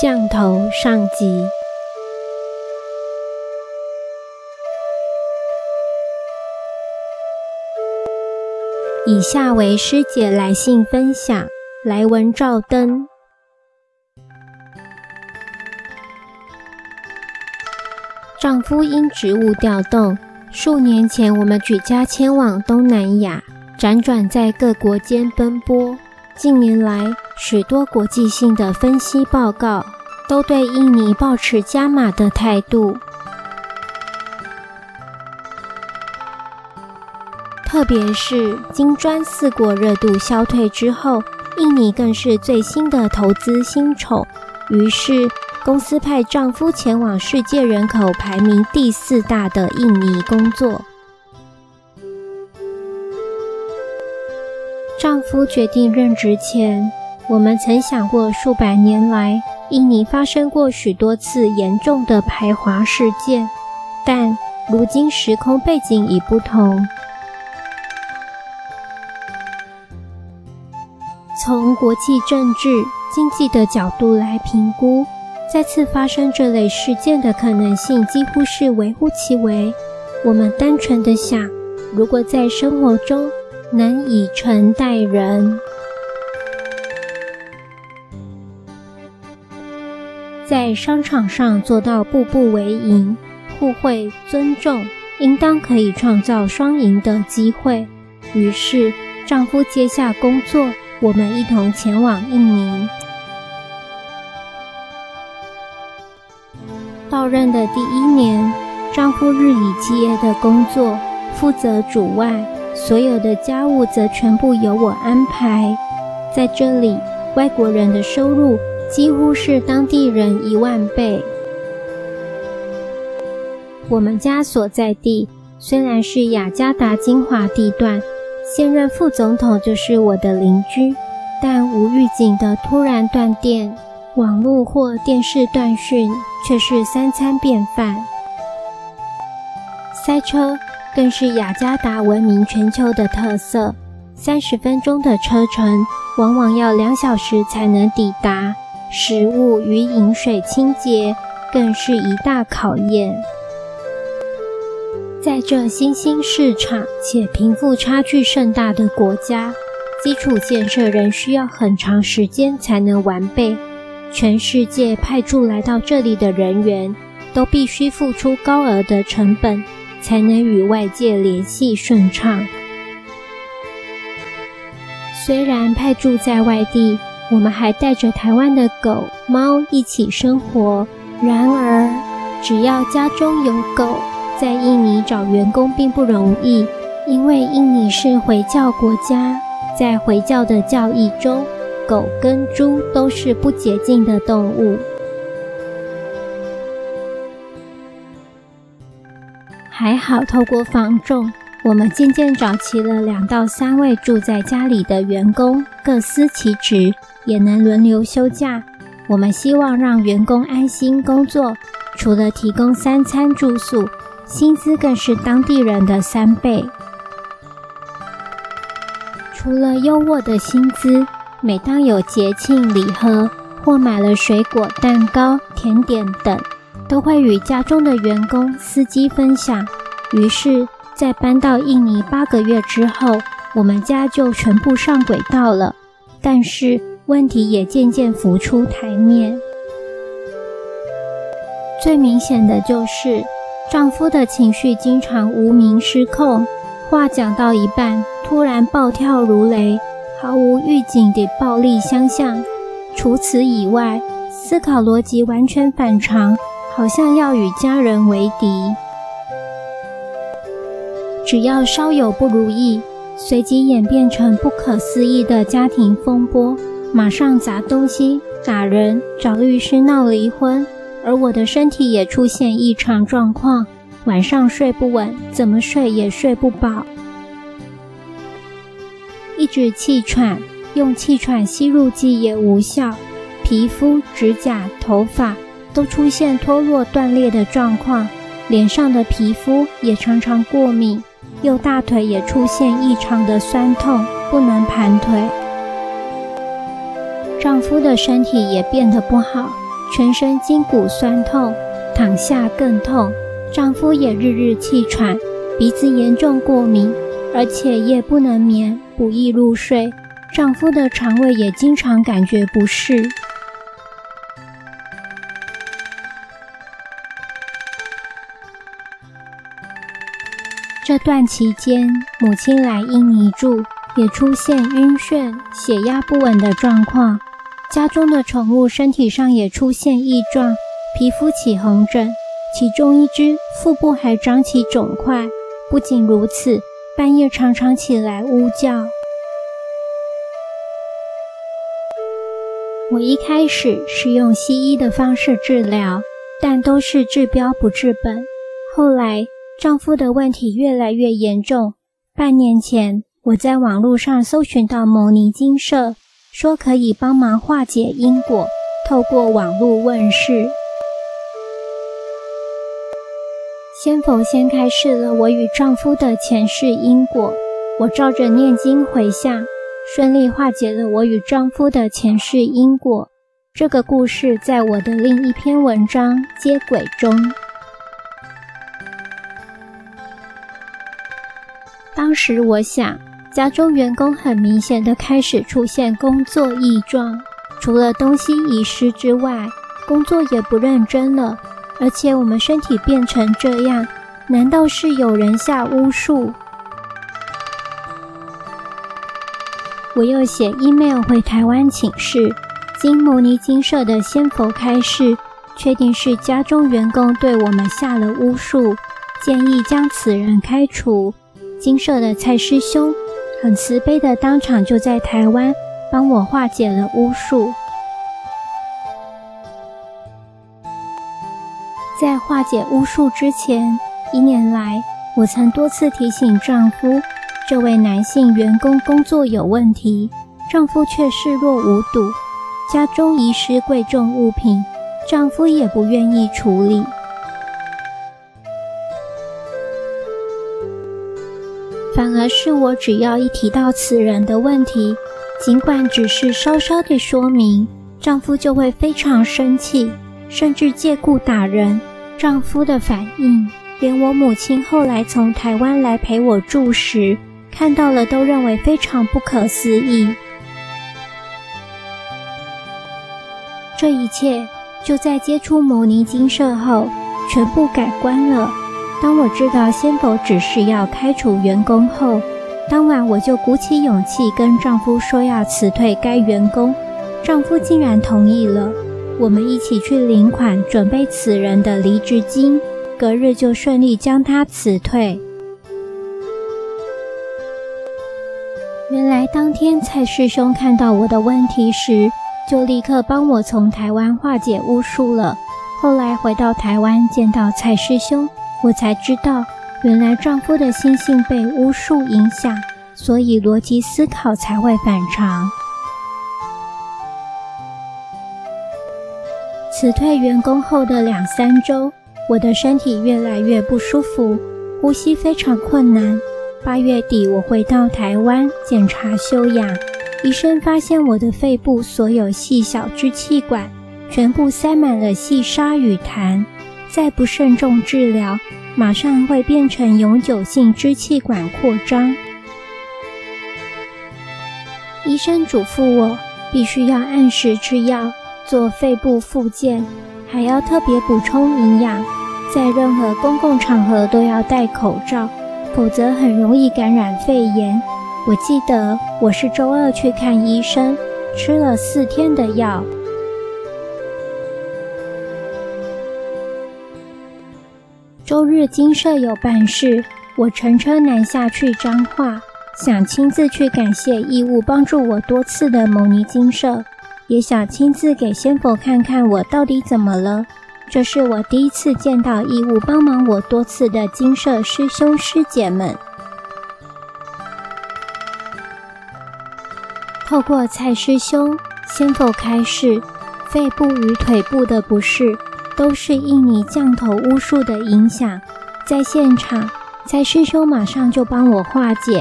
降頭上集。以下為師姐來信分享：來文照登。丈夫因職務調動，數年前我們舉家遷往東南亞，輾轉在各國間奔波。近年來，許多國際性的分析報告都對印尼抱持加碼的態度，特別是金磚四國熱度消退之後，印尼更是最新的投資新寵，於是，公司派丈夫前往世界人口排名第四大的印尼工作。丈夫決定任職前，我們曾想過，數百年來，印尼發生過許多次嚴重的排華事件，但如今時空背景已不同。從國際政治、經濟的角度來評估，再次發生這類事件的可能性幾乎是微乎其微。我們單純的想，如果在生活中能以誠待人。在商場上做到步步為營，互惠尊重，應當可以創造雙贏的機會。於是，丈夫接下工作，我們一同前往印尼。到任的第一年，丈夫日以繼夜的工作，負責主外，所有的家務則全部由我安排。在這裡，外國人的收入，幾乎是當地人一萬倍。我們家所在地雖然是雅加達精華地段，現任副總統就是我的鄰居，但無預警的突然斷電、網絡或電視斷訊卻是三餐便飯。塞車更是雅加達聞名全球的特色，三十分鐘的車程往往要兩小時才能抵達。食物與飲水清潔更是一大考驗。在這新興市場且貧富差距甚大的國家，基礎建設仍需要很長時間才能完備。全世界派駐來到這裡的人員，都必須付出高額的成本，才能與外界聯繫順暢。雖然派駐在外地，我們還帶着台灣的狗、貓一起生活。然而，只要家中有狗，在印尼找員工並不容易，因為印尼是回教國家，在回教的教義中，狗跟豬都是不潔淨的動物。還好，透過防重。我們漸漸找齊了兩到三位住在家裡的員工，各司其職，也能輪流休假。我們希望讓員工安心工作，除了提供三餐住宿，薪資更是當地人的三倍。除了優渥的薪資，每當有節慶禮盒或買了水果、蛋糕、甜點等，都會與家中的員工司機分享。於是，在搬到印尼八個月之後，我們家就全部上軌道了。但是問題也漸漸浮出台面。最明顯的就是，丈夫的情緒經常無名失控，話講到一半突然暴跳如雷，毫無預警地暴力相向。除此以外，思考邏輯完全反常，好像要與家人為敵。只要稍有不如意，隨即演變成不可思議的家庭風波，馬上砸東西、打人、找律師鬧離婚。而我的身體也出現異常狀況，晚上睡不穩，怎麼睡也睡不飽，一直氣喘，用氣喘吸入劑也無效，皮膚、指甲、頭髮都出現脫落、斷裂的狀況，臉上的皮膚也常常過敏。右大腿也出現異常的酸痛，不能盤腿。丈夫的身體也變得不好，全身筋骨酸痛，躺下更痛。丈夫也日日氣喘，鼻子嚴重過敏，而且夜不能眠，不易入睡。丈夫的腸胃也經常感覺不適。這段期間，母親來印尼住，也出現暈眩、血壓不穩的狀況。家中的寵物身體上也出現異狀，皮膚起紅疹，其中一隻腹部還長起腫塊。不僅如此，半夜常常起來嗚叫。我一開始是用西醫的方式治療，但都是治標不治本。後來。丈夫的問題越來越嚴重。半年前，我在網絡上搜尋到牟尼精舍，說可以幫忙化解因果。透過網絡問事，先佛先開示了我與丈夫的前世因果。我照着念經迴向，順利化解了我與丈夫的前世因果。這個故事在我的另一篇文章《接軌》中。當時我想，家中員工很明顯的開始出現工作異狀，除了東西遺失之外，工作也不認真了。而且我們身體變成這樣，難道是有人下巫術？我又寫 email 回台灣請示，經牟尼精舍的仙佛開示，確定是家中員工對我們下了巫術，建議將此人開除。精舍的蔡師兄很慈悲的，當場就在台灣幫我化解了巫術。在化解巫術之前，一年來我曾多次提醒丈夫，這位男性員工工作有問題，丈夫卻視若無睹。家中遺失貴重物品，丈夫也不願意處理。反而是我，只要一提到此人的問題，儘管只是稍稍的說明，丈夫就會非常生氣，甚至借故打人。丈夫的反應，連我母親後來從台灣來陪我住時看到了，都認為非常不可思議。這一切就在接觸牟尼精舍後，全部改觀了。當我知道仙佛指示要開除員工後，當晚我就鼓起勇氣跟丈夫說要辭退該員工，丈夫竟然同意了。我們一起去領款，準備此人的離職金，隔日就順利將他辭退。原來當天蔡師兄看到我的問題時，就立刻幫我從台灣化解巫術了。後來回到台灣見到蔡師兄。我才知道，原來丈夫的心性被巫術影響，所以邏輯思考才會反常。辭退員工後的兩三周，我的身體越來越不舒服，呼吸非常困難。八月底，我回到台灣檢查休養，醫生發現我的肺部所有細小支氣管全部塞滿了細沙與痰。再不慎重治療，馬上會變成永久性支氣管擴張。醫生囑咐我，必須要按時吃藥，做肺部復健，還要特別補充營養，在任何公共場合都要戴口罩，否則很容易感染肺炎。我記得我是周二去看醫生，吃了四天的藥。週日精舍有辦事，我乘車南下去彰化，想親自去感謝義務幫助我多次的牟尼精舍，也想親自給仙佛看看我到底怎麼了。這是我第一次見到義務幫忙我多次的精舍師兄師姐們。透過蔡師兄，仙佛開示，肺部與腿部的不適。都是印尼降頭巫術的影響，在現場，蔡師兄馬上就幫我化解，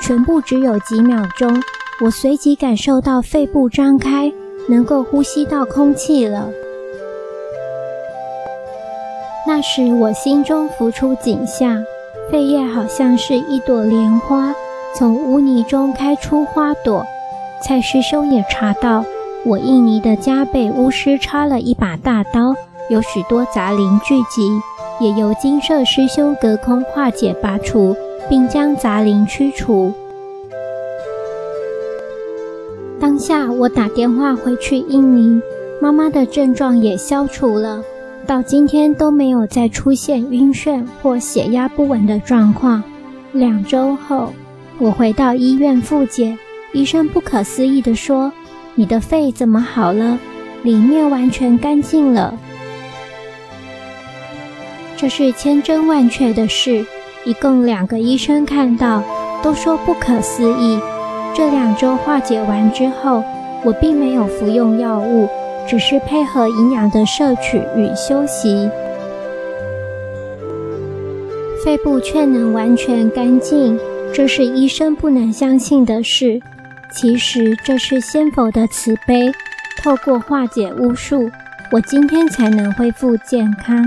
全部只有幾秒鐘，我隨即感受到肺部張開，能夠呼吸到空氣了。那時我心中浮出景象，肺葉好像是一朵蓮花，從汙泥中開出花朵。蔡師兄也查到，我印尼的家被巫師插了一把大刀。有許多雜靈聚集，也由金色師兄隔空化解拔除，並將雜靈驅除。當下我打電話回去印尼，媽媽的症狀也消除了，到今天都沒有再出現暈眩或血壓不穩的狀況。兩周後，我回到醫院複檢，醫生不可思議地說：“你的肺怎麼好了？裡面完全乾淨了。”這是千真萬確的事，一共兩個醫生看到，都說不可思議。這兩周化解完之後，我並沒有服用藥物，只是配合營養的攝取與休息，肺部卻能完全乾淨，這是醫生不能相信的事。其實這是仙佛的慈悲，透過化解巫術，我今天才能恢復健康。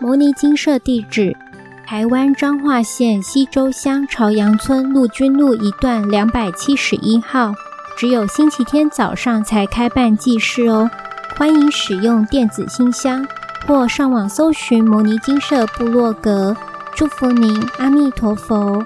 牟尼精舍地址：台灣彰化縣溪州鄉朝陽村陸軍路一段兩百七十一號。只有星期天早上才開辦濟世哦。歡迎使用電子信箱或上網搜尋牟尼精舍部落格。祝福您，阿彌陀佛。